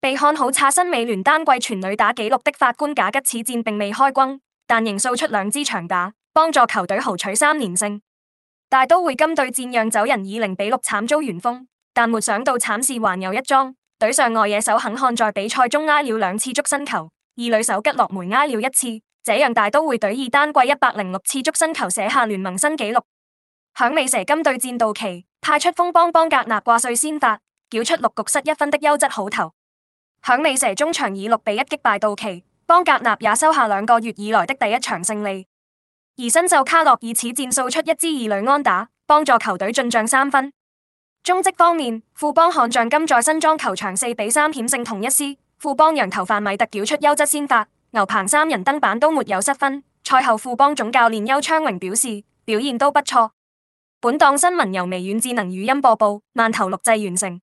被看好刷新美聯單季全壘打紀錄的法官賈吉，此戰並未開轟，但仍掃出兩支長打，幫助球隊豪取三連勝。大都會今對戰讓走人以零比六慘遭完封，但沒想到慘事還有一樁，隊上外野手肯漢在比賽中挨了兩次觸身球，二壘手吉落梅挨了一次，這讓大都會隊以單季一百零六次觸身球寫下聯盟新紀錄。響尾蛇今對戰到期，派出鋒幫邦格納掛帥先發，繳出六局失一分的優質好投。響尾蛇中場以六比一擊敗道奇，邦格納也收下兩個月以來的第一場勝利，而新秀卡洛爾此戰掃出一支二壘安打，幫助球隊進賬三分。中職方面，富邦悍將今在新莊球場四比三險勝統一獅，富邦洋投范米特繳出優質先發，牛棚三人登板都沒有失分。賽後富邦總教練邱昌榮表示，表現都不錯。本檔新聞由微軟智能語音播報，慢投錄製完成。